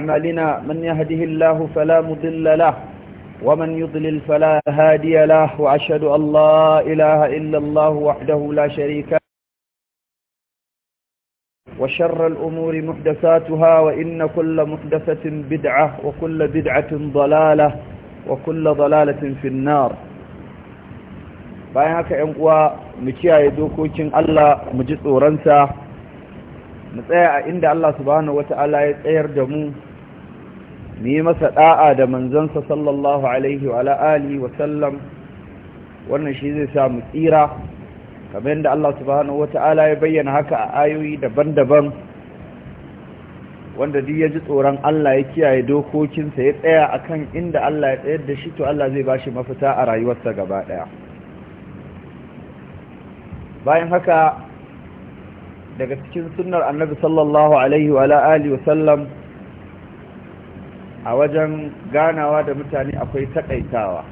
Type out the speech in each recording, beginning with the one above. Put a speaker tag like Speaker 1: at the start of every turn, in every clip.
Speaker 1: أعمالنا من يهده الله فلا مضل له ومن يضلل فلا هادي له وأشهد أن لا إله إلا الله وحده لا شريك له وشر الأمور محدثاتها وإن كل محدثة بدعة وكل بدعة ضلالة وكل ضلالة في النار bayan haka ‘yan uwa mu kiyaye dokokin Allah mu ji tsoronsa mu tsaya a inda Allah subhanahu wata'ala ya tsayar da mu mu masa da'a da manzansa sallallahu alaihi wa alihi wa sallam wannan shi zai sa mu tsira kamar yadda Allah subhanahu ta'ala ya bayyana haka a ayoyi daban-daban wanda duk ya ji tsoron Allah ya kiyaye dokokinsa ya tsaya akan inda Allah ya tsayar da shi to Allah zai ba shi mafita a rayuwarsa gaba ɗaya bayan haka daga cikin sunnar annabi sallallahu alaihi wa alihi wa sallam a wajen ganawa da mutane akwai takaitawa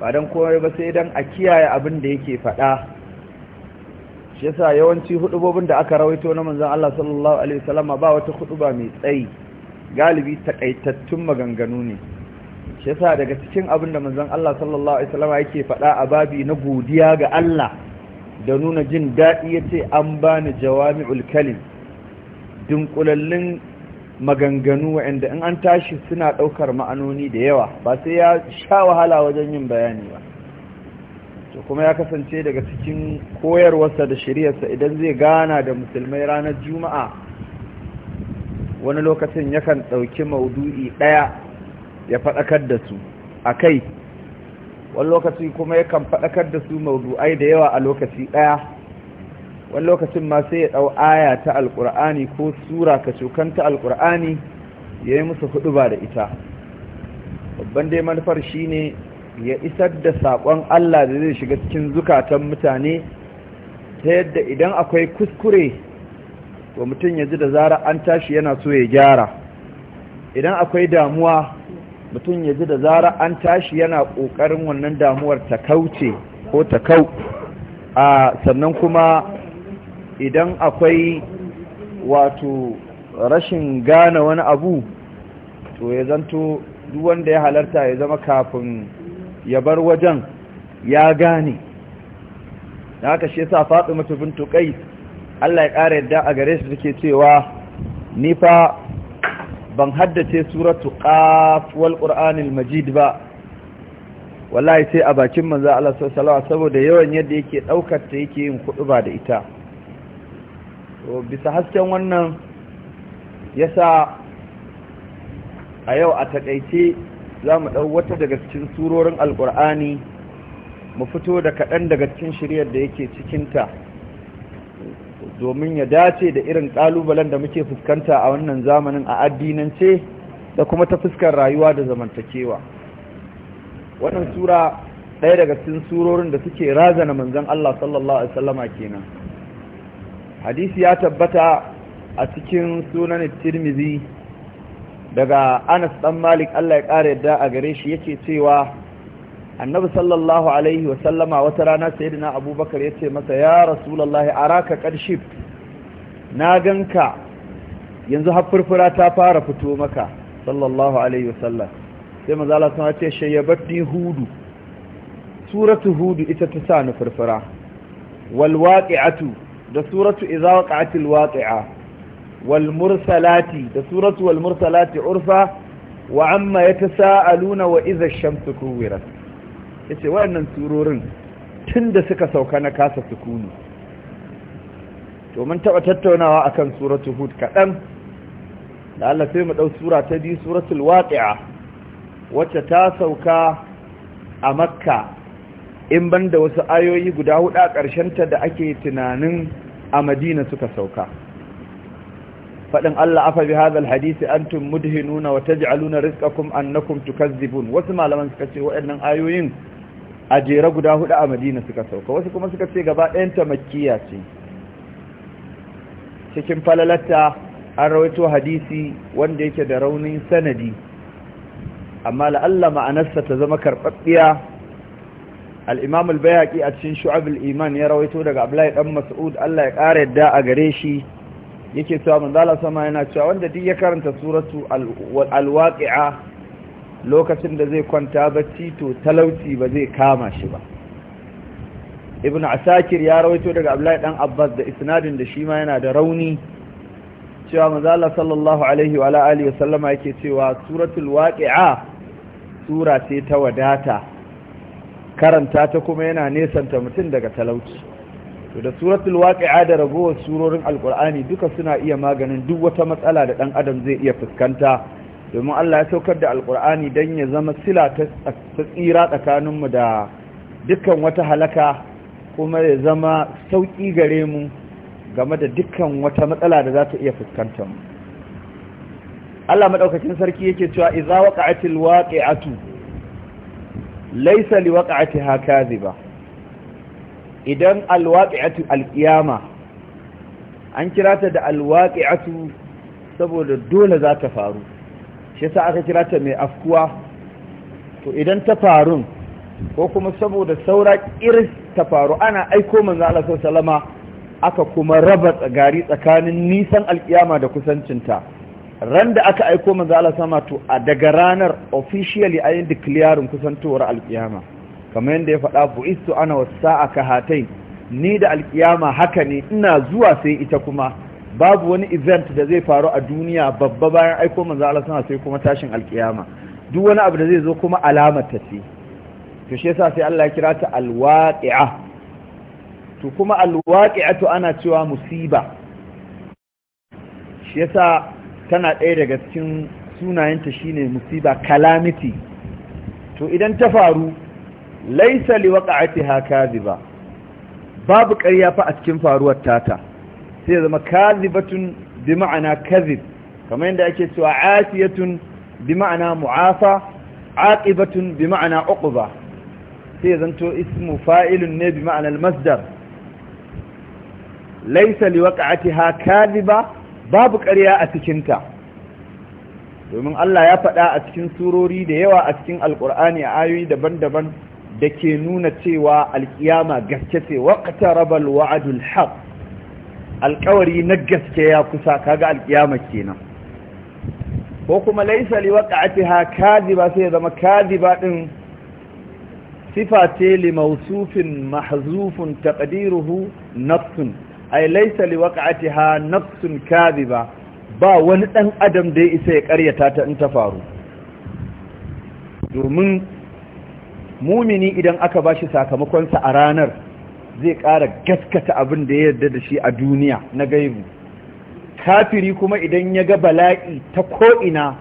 Speaker 1: ba don komai ba sai don a kiyaye abin da yake faɗa shi yasa yawanci hudubobin da aka rawaito na manzon Allah sallallahu alaihi wasallam ba wata huduba mai tsayi galibi takaitattun maganganu ne shi yasa daga cikin abin da manzon Allah sallallahu alaihi wasallam yake faɗa a babi na godiya ga Allah da nuna jin daɗi yace an bani jawami'ul kalim dunkulallin maganganu waɗanda in an tashi suna ɗaukar ma'anoni da yawa ba sai ya sha wahala wajen yin bayani ba to kuma ya kasance daga cikin koyarwarsa da shiryarsa idan zai gana da musulmai ranar juma'a wani lokacin yakan ɗauki maudu'i ɗaya ya faɗakar da su a kai wani lokaci kuma yakan faɗakar da su maudu'ai da yawa a lokaci ɗaya wani lokacin ma sai ya ɗau aya ta alƙur'ani ko sura ka cokan ta alƙur'ani ya yi musu hudu ba da ita babban dai manufar ne ya isar da saƙon Allah da zai shiga cikin zukatan mutane ta yadda idan akwai kuskure wa mutum ya ji da zara an tashi yana so ya gyara idan akwai damuwa mutum ya ji da zara an tashi yana ƙoƙarin wannan damuwar ta kauce ko ta kau a sannan kuma idan akwai wato rashin gane wani abu to ya zanto duk wanda ya halarta ya zama kafin ya bar wajen ya gane da haka shi sa faɗi bintu tukai Allah ya ƙara yadda a gare shi suke cewa nifa ban haddace suratu qaf wal majid ba wallahi sai a bakin manzan Allah sau saboda yawan yadda yake ɗaukata ta yake yin kuɗu ba da ita bisa hasken wannan yasa a yau a takaice za mu ɗau wata daga cikin surorin alƙur'ani mu fito da kaɗan daga cikin shiryar da yake cikinta domin ya dace da irin ƙalubalen da muke fuskanta a wannan zamanin a addinance da kuma ta fuskar rayuwa da zamantakewa wannan sura ɗaya daga cikin surorin da suke razana manzon Allah sallallahu alaihi wasallama kenan hadisi ya tabbata a cikin sunan tirmizi daga anas dan malik allah ya kare yadda a gare shi yake cewa annabi sallallahu alaihi wa sallama wata rana sayyidina abubakar ya ce masa ya rasulallah araka ƙarshif na ganka yanzu haffurfura ta fara fito maka sallallahu alaihi wa sallam sai mazala sun ce ni hudu suratu hudu ita ta sa ni furfura walwaƙi'atu da suratu wa waqa'atil waqi'a wal mursalati da suratu wal mursalati urfa wa amma yatasaaluna wa idza ash-shamsu kuwirat yace wayannan surorin tunda suka sauka na kasa sukuni to mun taba tattaunawa akan suratu hud kaɗan, da Allah sai mu ɗau sura ta biyu suratul waqi'a wacce ta sauka a makka in ban da wasu ayoyi guda huɗu a ƙarshenta da ake tunanin a madina suka sauka faɗin Allah afa bi hadal hadisi antum mudhinuna wa taj'aluna rizqakum annakum tukazzibun wasu malaman suka ce waɗannan ayoyin a jere guda hudu a Madina suka sauka wasu kuma suka ce gaba ɗayan ta makkiya ce cikin falalatta an rawaito hadisi wanda yake da raunin sanadi amma la'alla ma'anarsa ta zama karɓaɓɓiya al-imam al a cikin shu'abul iman ya rawaito daga abdullahi dan mas'ud Allah ya ƙara yadda a gare shi yake cewa manzala sama yana cewa wanda duk ya karanta suratu al lokacin da zai kwanta bacci to talauci ba zai kama shi ba ibn asakir ya rawaito daga abdullahi dan abbas da isnadin da shi ma yana da rauni cewa manzala sallallahu alaihi wa alihi wasallama yake cewa suratul waqi'a sura ce ta wadata karanta ta kuma yana nesanta mutum daga talauci to da suratul waqi'a da ragowar surorin alqur'ani duka suna iya maganin duk wata matsala da dan adam zai iya fuskanta domin Allah ya saukar da alqur'ani dan ya zama sila ta tsira tsakanin mu da dukkan wata halaka kuma ya zama sauki gare mu game da dukkan wata matsala da za ta iya fuskantar mu Allah maɗaukacin sarki yake cewa idza waqa'atil waqi'atu laisa liwaqa'ati hakaziba idan alwaqi'atu alqiyama an kira ta da alwaƙiatu saboda dole za ta faru shi sa aka kira ta mai afkuwa to idan ta faru ko kuma saboda saura ƙir ta faru ana aiko manzo Allah sallallahu aka kuma raba tsagari tsakanin nisan alkiyama da kusancinta ran da aka aiko manzo Allah sama to a daga ranar officially ayin declaring kusantowar alkiyama kamar yadda ya faɗa bu'istu ana wasa'a hatai ni da alkiyama haka ne ina zuwa sai ita kuma babu wani event da zai faru a duniya babba bayan aiko manzo Allah sama sai kuma tashin alkiyama duk wani abu da zai zo kuma alamar ta ce to shi yasa sai Allah ya kira ta alwaqi'a to kuma alwaqi'atu ana cewa musiba shi yasa tana ɗaya daga cikin sunayenta shine musiba kalamiti to idan ta faru laisa liwaqa'atiha ba babu ƙarya fa a cikin faruwar tata sai zama tun bi ma'ana kadhib kamar yadda ake cewa tun bi ma'ana mu'afa aqibatun bi ma'ana uqba sai zanto ismu fa'ilun ne bi ma'ana al-masdar laisa liwaqa'atiha ba. babu ƙarya a cikinta domin Allah ya faɗa a cikin surori da yawa a cikin alƙur'ani a ayoyi daban-daban da ke nuna cewa alƙiyama gaske ce waƙata rabal wa'adul haq alƙawari na gaske ya kusa kaga alƙiyama kenan ko kuma laisa li ha kadiba sai zama kadiba din sifa ce li mawsufin mahzufun taqdiruhu nafsun ai laysa li nafsun kadhiba ba wani dan adam da ya isa ya karyata ta in ta faru domin mumini idan aka bashi sakamakon sa a ranar zai ƙara gaskata abin da ya yarda da shi a duniya na gaibu kafiri kuma idan ya ga bala'i ta ko'ina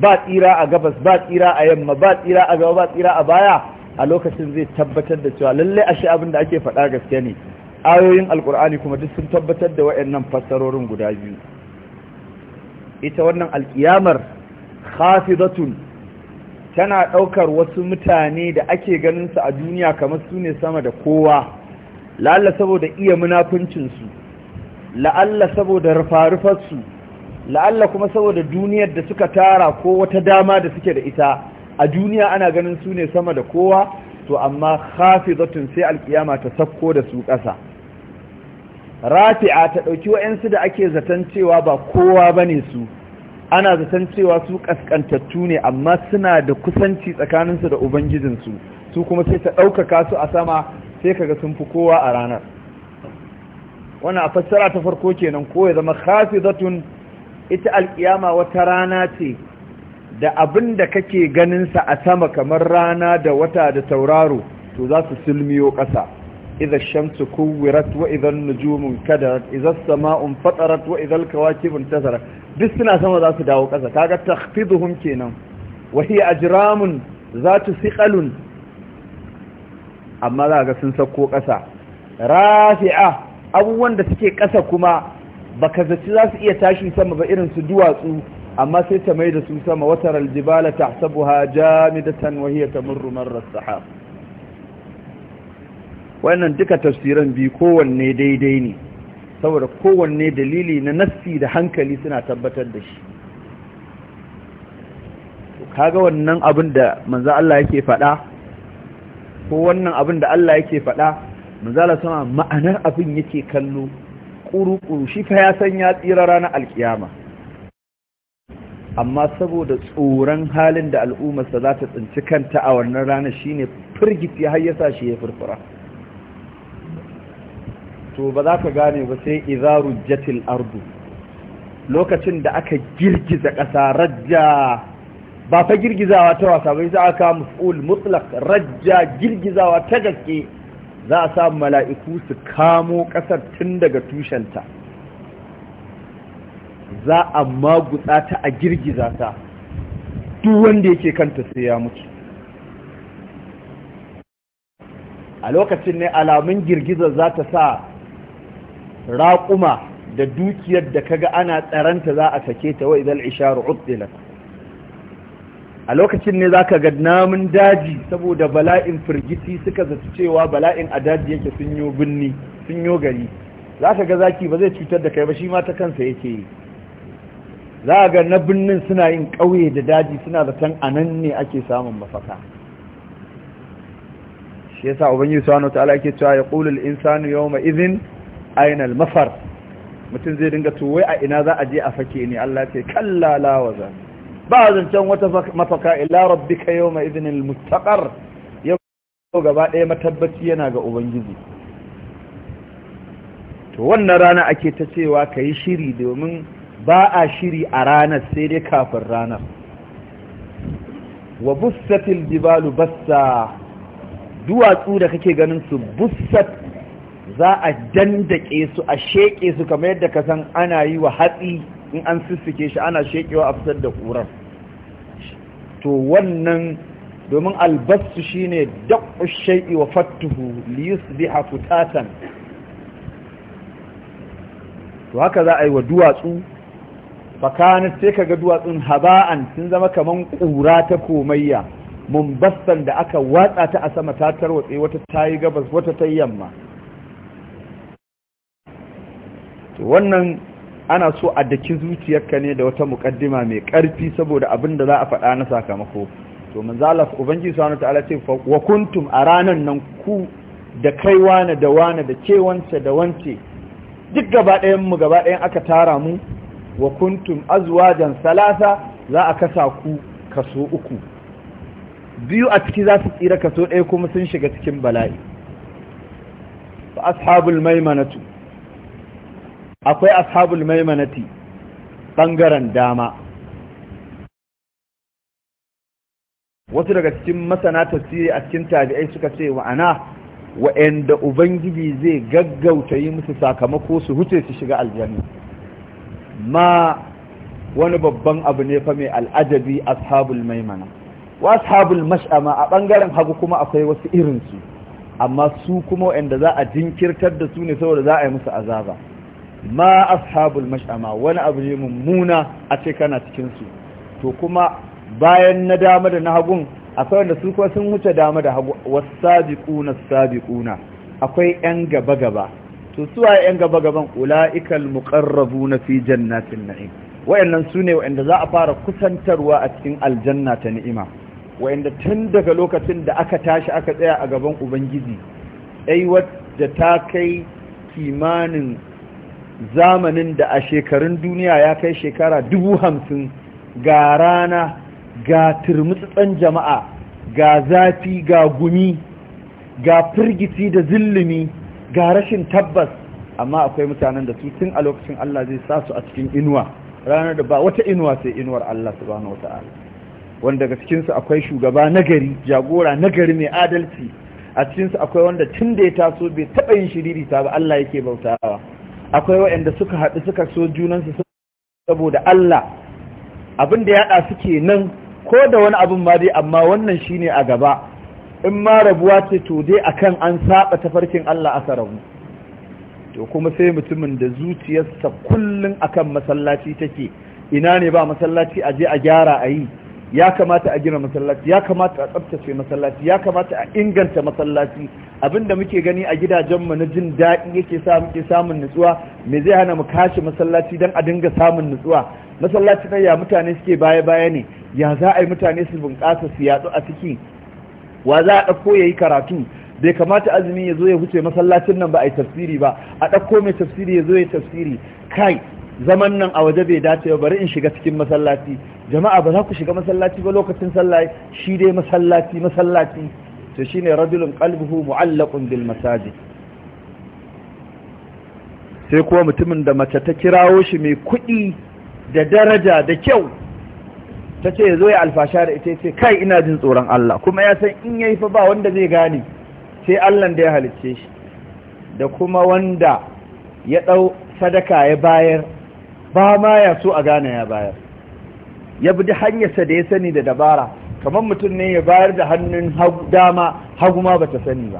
Speaker 1: ba tsira a gabas ba tsira a yamma ba tsira a gaba ba tsira a baya a lokacin zai tabbatar da cewa lallai ashe abin da ake faɗa gaske ne ayoyin alkur'ani kuma duk sun tabbatar da wayannan fassarorin guda biyu ita wannan alkiyamar khafidatun tana daukar wasu mutane da ake ganin su a duniya kamar su ne sama da kowa lalla saboda iya munafincin su la'alla saboda rufarufar su la'alla kuma saboda duniyar da suka tara ko wata dama da suke da ita a duniya ana ganin su ne sama da kowa to amma khafidatun sai alkiyama ta sakko da su ƙasa rafi'a ta ɗauki wa'yansu da ake zaton cewa ba kowa ba ne su ana zaton cewa su ƙasƙantattu ne amma suna da kusanci tsakaninsu da ubangijinsu su kuma sai ta ɗaukaka su a sama sai kaga sun fi kowa a ranar wannan a fassara ta farko kenan ko ya zama zatun ita alƙiyama wata rana ce da abin da kake ganinsa a sama kamar rana da wata da tauraro to za su silmiyo ƙasa إذا الشمس كورت وإذا النجوم انكدرت إذا السماء انفطرت وإذا الكواكب انتثرت بسنا سما ذات داو كذا كاغا تخفضهم كينا وهي أجرام ذات ثقل أما ذاك سنسكو كسا رافعة أولا دسكي كسا كما بكذا تلاس إيا تاشي سما بإرن سدواتو أما سيتميد سوسما وتر الجبال تحسبها جامدة وهي تمر مر السحاب wannan duka tafsiran bi kowanne daidai ne saboda kowanne dalili na nassi da hankali suna tabbatar da shi kaga wannan abin da manzo Allah yake faɗa ko wannan abin da Allah yake faɗa manzo Allah sama ma'anar abin yake kallo kuru-kuru shi fa ya san ya tsira ranar alkiyama amma saboda tsoron halin da al'ummarsa za ta tsinci kanta a wannan ranar shine firgiti har yasa shi ya furfura to ba za ka gane ba sai izaru jatil ardu lokacin da aka girgiza ƙasa rajja ba fa girgizawa ta wasa bai za a kawo maf'ul mutlaq rajja girgizawa ta gaske za a samu mala'iku su kamo ƙasar tun daga tushenta za a magutsa ta a girgiza ta duk wanda yake kanta sai ya mutu a lokacin ne alamun girgizar za ta sa raƙuma da dukiyar da kaga ana tsaranta za a sake ta wa idan isharu a lokacin ne zaka ga namun daji saboda bala'in firgiti suka zata cewa bala'in a daji yake sun yo binni sun yo gari zaka ga zaki ba zai cutar da kai ba shi ma ta kansa yake yi za ga na birnin suna yin ƙauye da daji suna zaton anan ne ake samun mafaka shi yasa ubangiji subhanahu wa ta'ala yake cewa yaqulu al-insanu yawma idhin ainal mafar mutum zai dinga tuwai a ina za a je a fake ni Allah ce kalla waza ba zancen wata mafaka ila rabbika yawma idnil mustaqar yau gaba ɗaya matabbaci yana ga ubangiji to wannan rana ake ta cewa kayi shiri domin ba a shiri a ranar sai dai kafin ranar wa bussatil jibalu bassa duwatsu da kake ganin su bussat za a dandake su a sheke su kamar yadda ka san ana yi wa hatsi in an sissike shi ana shekewa a fitar da ƙurar to wannan domin albasu shine daƙu shai'i wa fattuhu liyus biha fitatan to haka za a yi wa duwatsu fakanat sai ga duwatsun haba'an sun zama kamar ƙura ta komayya mun da aka watsa ta a sama ta tarwatse wata ta yi gabas wata ta yamma to wannan ana so a daki zuciyarka ne da wata mukaddima mai karfi saboda abin da za a faɗa na sakamako to manzala ubangiji subhanahu ta ce wa kuntum a ranan nan ku da kai wane da wane da ke wance da wance duk gaba ɗayan mu gaba ɗayan aka tara mu wa kuntum azwajan salasa za a kasa ku kaso uku biyu a ciki za su tsira kaso ɗaya kuma sun shiga cikin bala'i fa ashabul maimanatu akwai ashabul maimanati ɓangaren dama wasu daga cikin masana tafsiri a cikin tabi'ai suka ce wa'ana wa'anda ubangiji zai gaggauta yi musu sakamako su huce su shiga aljanna ma wani babban abu ne fa mai al'ajabi ashabul maimana wa ashabul mash'ama a ɓangaren hagu kuma akwai wasu irinsu amma su kuma wa'anda za a jinkirtar da su ne saboda za a yi musu azaba ma ashabul mash'ama wani abu ne mummuna a ce kana cikin su to kuma bayan na dama da na hagun akwai wanda su kuma sun wuce dama da hagu wasabiquna sabiquna akwai yan gaba gaba to su waye yan gaba gaban ulaiikal muqarrabuna fi jannatin na'im wayannan sune wayanda za a fara kusantarwa a cikin aljanna ta ni'ima wayanda tun daga lokacin da aka tashi aka tsaya a gaban ubangiji aiwat da ta kai kimanin zamanin da a shekarun duniya ya kai shekara dubu hamsin ga rana ga turmutsutsen jama'a ga zafi ga gumi ga firgiti da zillumi ga rashin tabbas amma akwai mutanen da su tun a lokacin Allah zai sa su a cikin inuwa ranar da ba wata inuwa sai inuwar Allah subhanahu wata'ala wanda daga cikinsu akwai shugaba nagari jagora nagari mai adalci a cikinsu akwai wanda tun da ya taso bai taɓa yin shiriri ta ba Allah yake bautawa akwai waɗanda suka haɗu suka so junansu saboda Allah abin da yaɗa suke nan ko da wani abin ma dai amma wannan shine a gaba in ma rabuwa ce to dai akan an saba tafarkin Allah aka rabu to kuma sai mutumin da zuciyarsa kullum akan masallaci take ina ne ba masallaci a je a gyara a yi ya kamata a gina masallaci ya kamata a tsabtace masallaci ya kamata a inganta masallaci abin da muke gani a gidajenmu na jin daɗi yake sa muke samun nutsuwa me zai hana mu kashe masallaci don a dinga samun nutsuwa masallaci na ya mutane suke baya-baya ne ya za a yi mutane su bunƙasa su yatsu a ciki wa za a ɗauko ya yi karatu bai kamata azumi ya zo ya huce masallacin nan ba a yi tafsiri ba a ɗauko mai tafsiri ya zo ya tafsiri kai zaman nan a waje bai dace ba bari in shiga cikin masallaci jama'a ba za ku shiga masallaci ba lokacin sallah shi dai masallaci masallaci to shine rajulun qalbuhu mu'allaqun bil masajid sai kuwa mutumin da mace ta kirawo shi mai kuɗi da daraja da kyau ta ce ya zo ya alfasha da ita ce kai ina jin tsoron Allah kuma ya san in yayi fa ba wanda zai gane sai Allah da ya halicce shi da kuma wanda ya ɗau sadaka ya bayar ba ma ya so a gane ya bayar ya bi hanyarsa da ya sani da dabara kamar mutum ne ya bayar da hannun dama hagu ma ta sani ba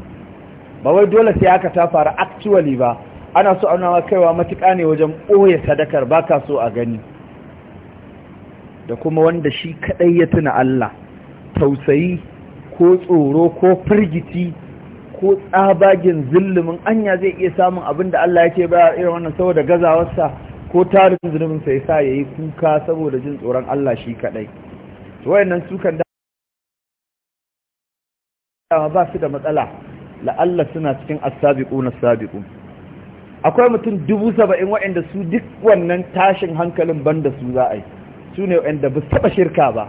Speaker 1: ba wai dole sai aka ta fara actually ba ana so a nawa kaiwa matuƙa ne wajen ɓoye sadakar ba ka so a gani da kuma wanda shi kaɗai ya tuna Allah tausayi ko tsoro ko firgiti ko tsabagen zillumin anya zai iya samun abin da Allah yake ba irin wannan saboda gazawarsa ko tarin zunubinsa ya sa ya yi kuka saboda jin tsoron Allah shi kaɗai. to wayannan sukan kan ba su da matsala la'alla suna cikin asabiku na sabiku akwai mutum dubu saba'in wa'inda su duk wannan tashin hankalin banda su za a yi su ne wa'inda ba su taɓa shirka ba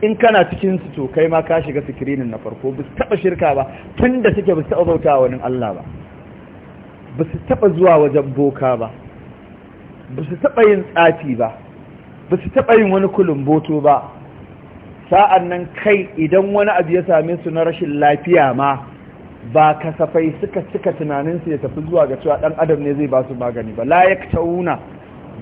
Speaker 1: in kana cikin su to kai ma ka shiga sikirinin na farko ba su taɓa shirka ba tun da suke ba su taɓa bauta wani Allah ba ba su taɓa zuwa wajen boka ba ba su taɓa yin tsafi ba ba su taɓa yin wani kulumboto ba sa'an nan kai idan wani abu ya same su na rashin lafiya ma ba kasafai suka suka tunaninsu ya tafi zuwa ga cewa ɗan adam ne zai ba su magani ba layak wuna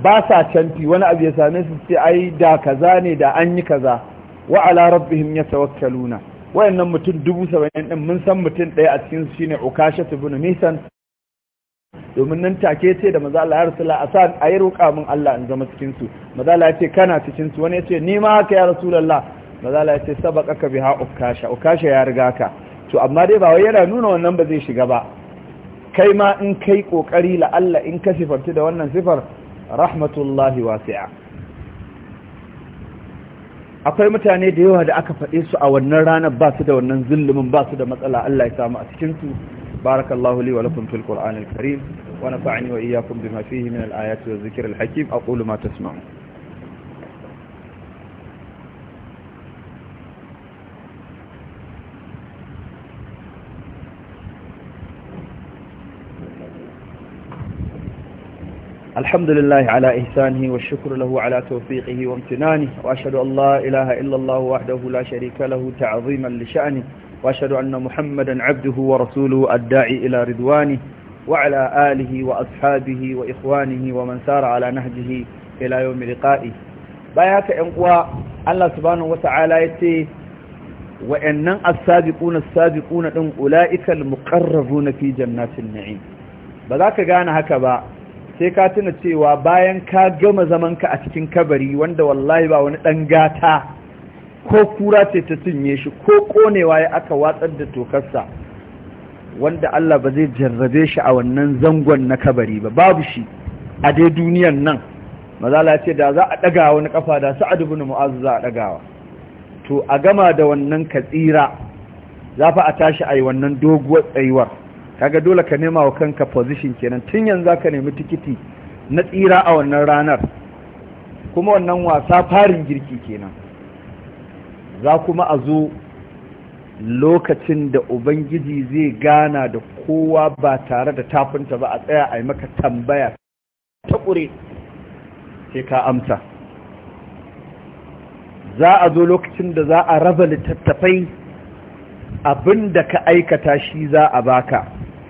Speaker 1: ba sa canfi wani abu ya same su sai, ai da kaza ne da an yi kaza wa ala rabbihim yatawakkaluna wayannan mutum dubu saba'in din mun san mutum ɗaya a cikin su shine ukasha bin misan domin nan take ce da maza Allah ya rasula a sa a yi roƙa min Allah in zama cikin su maza Allah ya ce kana cikinsu wani ya ce ni ma haka ya rasulullah mazala ya ce sabaka ka biha ukasha ukasha ya riga ka to amma dai ba wai yana nuna wannan ba zai shiga ba kai ma in kai kokari la in ka sifarci da wannan sifar rahmatullahi wasi'a akwai mutane da yawa da aka faɗe su a wannan ranar ba su da wannan zullumin ba su da matsala Allah ya samu a cikin su barakallahu li wa lakum fil qur'anil karim wa nafa'ani wa iyyakum bima fihi min al ayati wa dhikril hakim aqulu ma tasma'un الحمد لله على إحسانه والشكر له على توفيقه وامتنانه وأشهد أن لا إله إلا الله وحده لا شريك له تعظيما لشأنه وأشهد أن محمدا عبده ورسوله الداعي إلى رضوانه وعلى آله وأصحابه وإخوانه ومن سار على نهجه إلى يوم لقائه بايعك إنقوى الله سبحانه وتعالى يتي وإنن السابقون السابقون أولئك المقربون في جنات النعيم بذاك قانا هكذا sai ka tuna cewa bayan ka gama zamanka a cikin kabari wanda wallahi ba wani ɗan gata ko kura ce ta cinye shi ko konewa ya aka watsar da tokarsa wanda Allah ba zai jarrabe shi a wannan zangon na kabari ba babu shi a dai duniyan nan mazala ce da za a ɗaga wani ƙafa da sa'ad ibn mu'azu za a wa. to a gama da wannan katsira za fa a tashi a yi wannan doguwar tsayuwar kaga dole ka nema wa kanka position kenan tun yanzu ka nemi tikiti na tsira a wannan ranar kuma wannan wasa farin girki kenan za kuma a zo lokacin da ubangiji zai gana da kowa ba tare da tafinta ba a tsaya a yi maka tambaya ta ƙure sai ka amsa za a zo lokacin da za a raba littattafai abin da ka aikata shi za a baka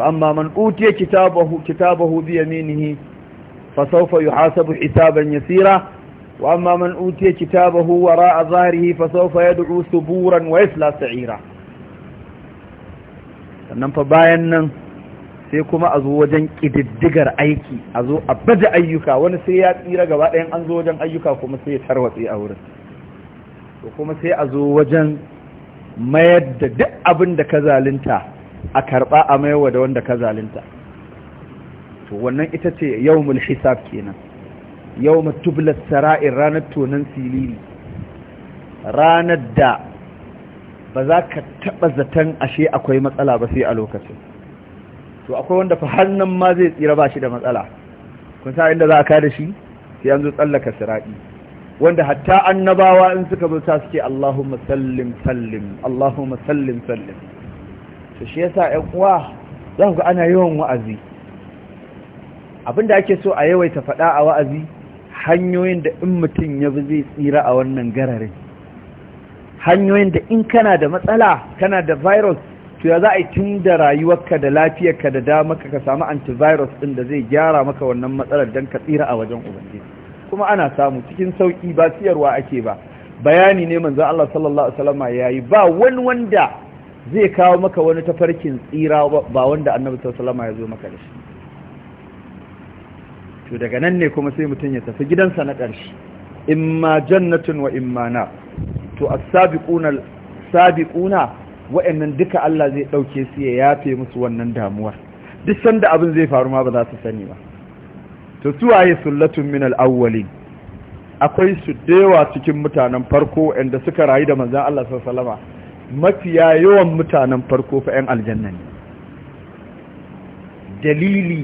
Speaker 1: فأما من أوتي كتابه كتابه بيمينه فسوف يحاسب حسابا يسيرا وأما من أوتي كتابه وراء ظهره فسوف يدعو ثبورا ويسلى سعيرا sannan fa bayan nan sai kuma a zo wajen ƙididdigar aiki a zo a baje ayyuka wani sai ya tsira gaba ɗayan an zo wajen ayyuka kuma sai ya tarwatse a wurin to kuma sai a zo wajen mayar da duk abin da ka zalunta a karɓa a maiwa da wanda ka zalinta to wannan ita ce yau hisab kenan yau tublas sara'in ranar tonan siliri. ranar da ba za ka taɓa zaton ashe akwai matsala ba sai a lokacin to akwai wanda fa hannun ma zai tsira ba shi da matsala kun sa inda za a kada shi sai an zo tsallaka sara'i wanda hatta annabawa in suka zo ta suke Allahumma sallim sallim Allahumma sallim sallim to shi yasa yan uwa za ku ana yawan wa'azi abinda ake so a yawaita faɗa a wa'azi hanyoyin da in mutum ya bi zai tsira a wannan gararin hanyoyin da in kana da matsala kana da virus to ya za a yi tun da rayuwarka da lafiyarka da damarka ka samu antivirus ɗin da zai gyara maka wannan matsalar don ka tsira a wajen ubangiji kuma ana samu cikin sauƙi ba siyarwa ake ba bayani ne manzo Allah sallallahu alaihi wasallam yayi ba wani wanda zai kawo maka wani tafarkin tsira ba wanda annabi sallama ya zo maka da shi to daga nan ne kuma sai mutum ya tafi gidansa na ƙarshe ma jannatin wa ma na to as-sabiquna sabiquna wa'annan duka Allah zai ɗauke su ya yafe musu wannan damuwar duk sanda abin zai faru ma ba za su sani ba to su suwaye sullatun min al akwai su dewa cikin mutanen farko inda suka rayu da manzon Allah sallallahu alaihi mafiya yawan mutanen farko fa 'yan aljanna ne dalili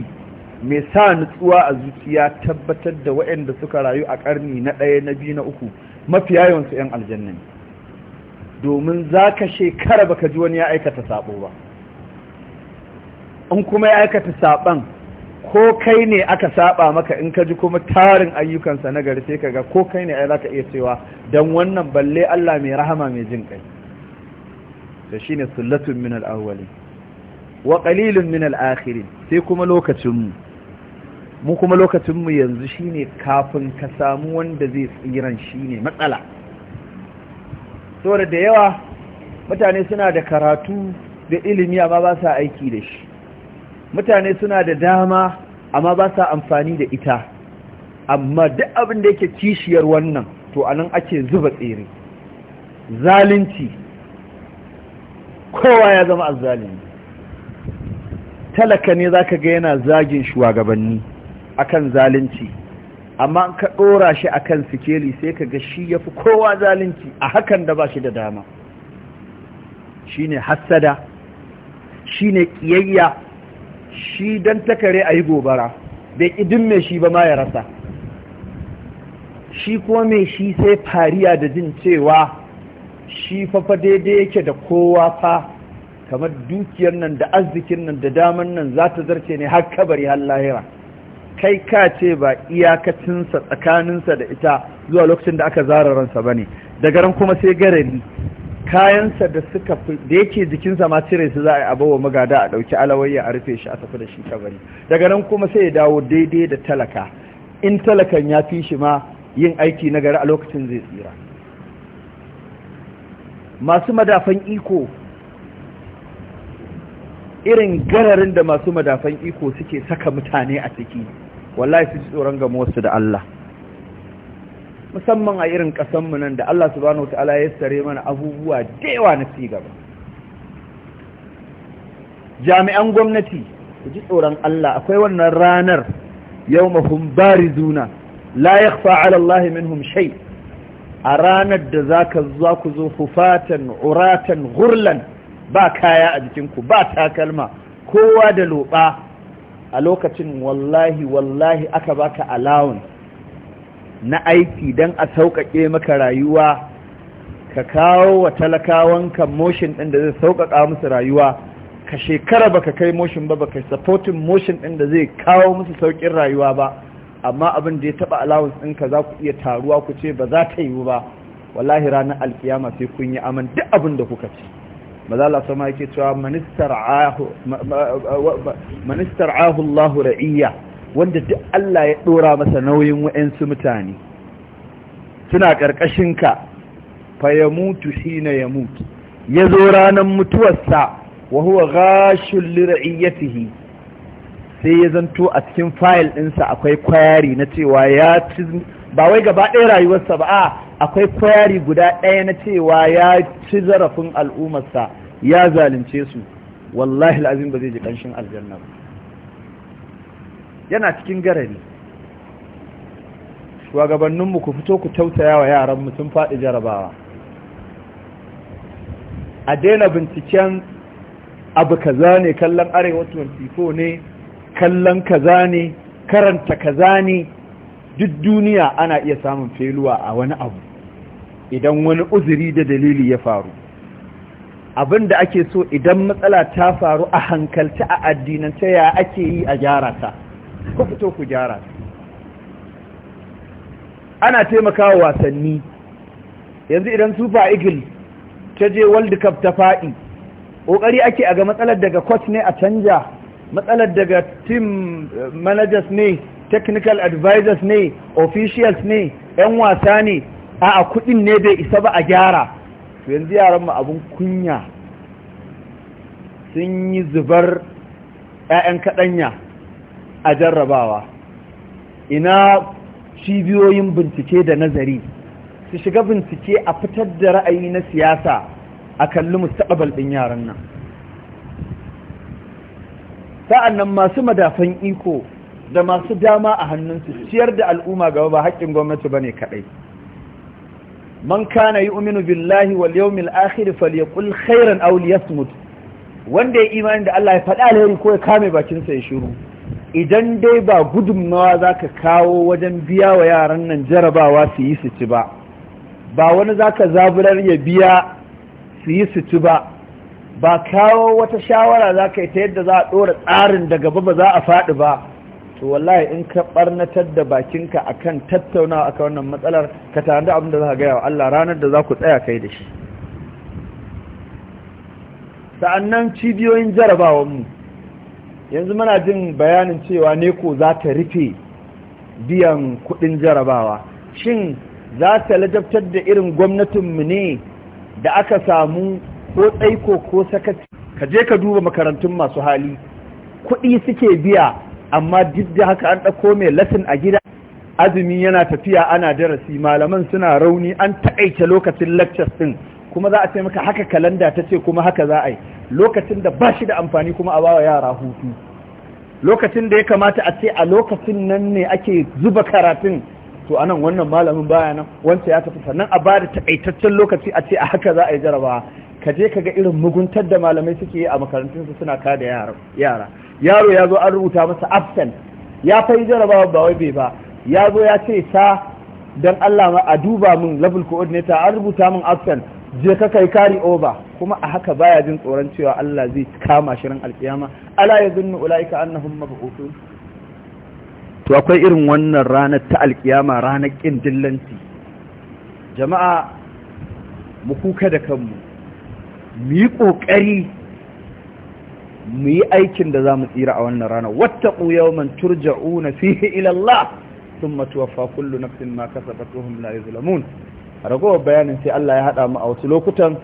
Speaker 1: mai sa nutsuwa a zuciya tabbatar da waɗanda suka rayu a ƙarni na ɗaya na biyu na uku mafiya yawansu 'yan aljanna ne domin za ka shekara ba ka ji wani ya aikata saɓo ba in kuma ya aikata saɓon ko kai ne aka saɓa maka in ka ji kuma tarin ayyukansa na gari sai ka ga ko kai ne ai za ka iya cewa don wannan balle Allah mai rahama mai jin kai shi shine sullatun min al wa qalilun min al sai kuma lokacinmu mu kuma lokacinmu yanzu shine kafin ka samu wanda zai tsiran ne matsala saboda da yawa mutane suna da karatu da ilimi amma ba sa aiki da shi mutane suna da dama amma ba sa amfani da ita amma duk abin da yake kishiyar wannan to anan ake zuba tsere zalunci kowa ya zama azzalimi talaka ne za ka ga yana zagin shugabanni akan zalunci amma an ka ɗora shi a kan sikeli sai ka ga shi ya fi kowa zalunci a hakan da ba shi da dama Shi shine hassada ne ƙiyayya, shi don takare a yi gobara bai idin mai shi ba ma ya rasa shi kuma mai shi sai fariya da jin cewa shi fafa daidai yake da kowa fa kamar dukiyar nan da arzikin nan da daman nan za ta zarce ne har kabari har lahira kai ka ce ba iyakacinsa tsakaninsa da ita zuwa lokacin da aka zara ransa ba ne daga ran kuma sai garari kayansa da suka da yake jikinsa ma cire su za a yi abawa magada a ɗauki alawayya a rufe shi a tafi da shi kabari daga nan kuma sai ya dawo daidai da talaka in talakan ya fi shi ma yin aiki na gari a lokacin zai tsira masu madafan iko irin gararin da masu madafan iko suke saka mutane a ciki wallahi su ji tsoron gamuwarsu da Allah musamman a irin ƙasanmu nan da Allah subhanahu wa ta'ala ya sare mana abubuwa da yawa na cigaba jami'an gwamnati su ji tsoron Allah akwai wannan ranar yau mahum barizuna la yakhfa ala minhum shay' a ranar da za ka zuwa ku zo hufatan uratan hurlan ba kaya a jikinku ba takalma kowa da loɓa a lokacin wallahi wallahi aka baka alawun na aiki don a sauƙaƙe maka rayuwa ka kawo wa talakawanka moshin ɗin da zai sauƙaƙa musu rayuwa ka shekara baka kai moshin ba baka supporting moshin ɗin da zai kawo musu sauƙin rayuwa ba amma abin da ya taba allowance ɗinka za ku iya taruwa ku ce ba za ta yiwu ba wallahi ranar alkiyama sai kun yi aman duk abin da kuka ci mazala sama yake cewa ministar ahu Allahu ra'iyya wanda duk Allah ya ɗora masa nauyin wa'yansu mutane suna ƙarƙashinka fa ya mutu shi na ya mutu ya zo ranar mutuwarsa wa huwa gashin lira'iyyatihi sai ya zanto a cikin fayil ɗinsa akwai kwayari na cewa ya ci ba wai gaba ɗaya rayuwarsa ba a akwai kwayari guda ɗaya na cewa ya ci zarafin al'ummarsa ya zalunce su wallahi al'azim ba zai ji ƙanshin aljanna ba yana cikin garari shugabanninmu ku fito ku tausaya wa yaran mutum faɗi jarabawa a daina binciken abu kaza ne kallon arewa 24 ne kallon kaza ne karanta kaza ne duk duniya ana iya samun feluwa a wani abu idan wani uzuri da dalili ya faru abin da ake so idan matsala ta faru a hankalta a addinance ya ake yi a gyara ta ku fito ku gyara ta ana taimakawa wasanni yanzu idan super eagle ta je world cup ta faɗi ƙoƙari ake a ga matsalar daga coach ne a canja matsalar daga team eh, managers ne technical advisors ne officials ne 'yan wasa ne a kudin ne bai isa ba a gyara to yanzu yaranmu abin kunya sun yi zubar 'ya'yan kaɗanya a jarrabawa ina cibiyoyin bincike da nazari su shiga bincike a fitar da ra'ayi na siyasa a kalli mustaɓabal ɗin yaran nan sa'annan masu madafan iko da masu dama a hannunsu ciyar da al'umma gaba ba haƙƙin gwamnati ba ne kaɗai man kana uminu billahi wal fal ya ƙul khairan aw liyasmut wanda ya imani da Allah ya faɗi alheri ko ya kame bakinsa ya shiru idan dai ba gudunmawa za ka kawo wajen biya wa yaran nan jarabawa su yi su ci ba ba wani za ka zaburar ya biya su yi su ci ba ba kawo wata shawara za ka yi ta yadda za a ɗora tsarin da gaba ba za a faɗi ba to wallahi in ka ɓarnatar da bakinka a kan tattaunawa a wannan matsalar ka tare abin da za ka gaya wa Allah ranar da za ku tsaya kai da shi sa'annan cibiyoyin jarabawanmu yanzu muna jin bayanin cewa ne ko za ta rufe biyan kuɗin jarabawa shin za ta lajabtar da irin gwamnatinmu ne da aka samu ko tsaiko ko sakaci ka je ka duba makarantun masu hali kuɗi suke biya amma duk da haka an ɗauko mai lasin a gida azumi yana tafiya ana darasi malaman suna rauni an taƙaice lokacin lectures ɗin kuma za a ce maka haka kalanda ta ce kuma haka za a yi lokacin da ba shi da amfani kuma a bawa yara hutu lokacin da ya kamata a ce a lokacin nan ne ake zuba karatun to anan wannan malamin baya nan wancan ya tafi sannan a ba da takaitaccen lokaci a ce a haka za a yi jarabawa ka je ka ga irin muguntar da malamai suke yi a makarantunsu suna ka da yara yaro ya zo an rubuta masa absent ya fa yi jarabawa ba wai bai ba ya zo ya ce ta dan Allah ma a duba min level coordinator an rubuta min absent je ka kai kari over kuma a haka baya jin tsoron cewa Allah zai kama shirin alkiyama ala zunnu ulaika annahum mab'uthun to akwai irin wannan ranar ta alkiyama ranar kin dillanci jama'a mu kuka da kanmu mu yi ƙoƙari mu yi aikin da za mu tsira a wannan rana wata ƙuyau man turja'u na fiye ilallah sun matuwa fakullu na fin maka sabatuhun na yuzlamun a ragowar bayanin sai Allah ya haɗa mu a wasu lokutan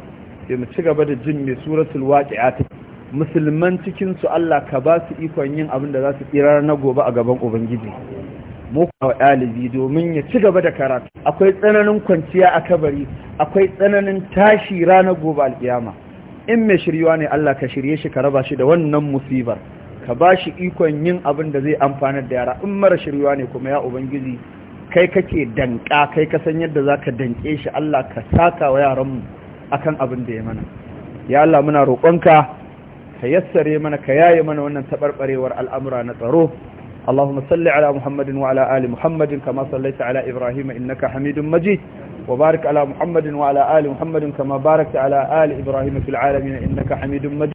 Speaker 1: sai mu ci gaba da jin mai suratul a ta musulman cikinsu Allah ka ba su ikon yin abin da za su tsira na gobe a gaban ubangiji Mukawa ɗalibi domin ya ci gaba da karatu akwai tsananin kwanciya a kabari akwai tsananin tashi ranar gobe alƙiyama in mai shiryuwa ne Allah ka shirye shi ka raba shi da wannan musibar ka ba shi ikon yin abin da zai amfanar da yara in mara shiryuwa ne kuma ya ubangiji kai kake danka kai ka san yadda za ka danke shi Allah ka saka wa yaranmu akan abin da ya mana ya Allah muna roƙonka ka yassare mana ka yaye mana wannan taɓarɓarewar al'amura na tsaro اللهم صل على محمد وعلى آل محمد كما صليت على إبراهيم إنك حميد مجيد وبارك على محمد وعلى آل محمد كما باركت على آل إبراهيم في العالمين إنك حميد مجيد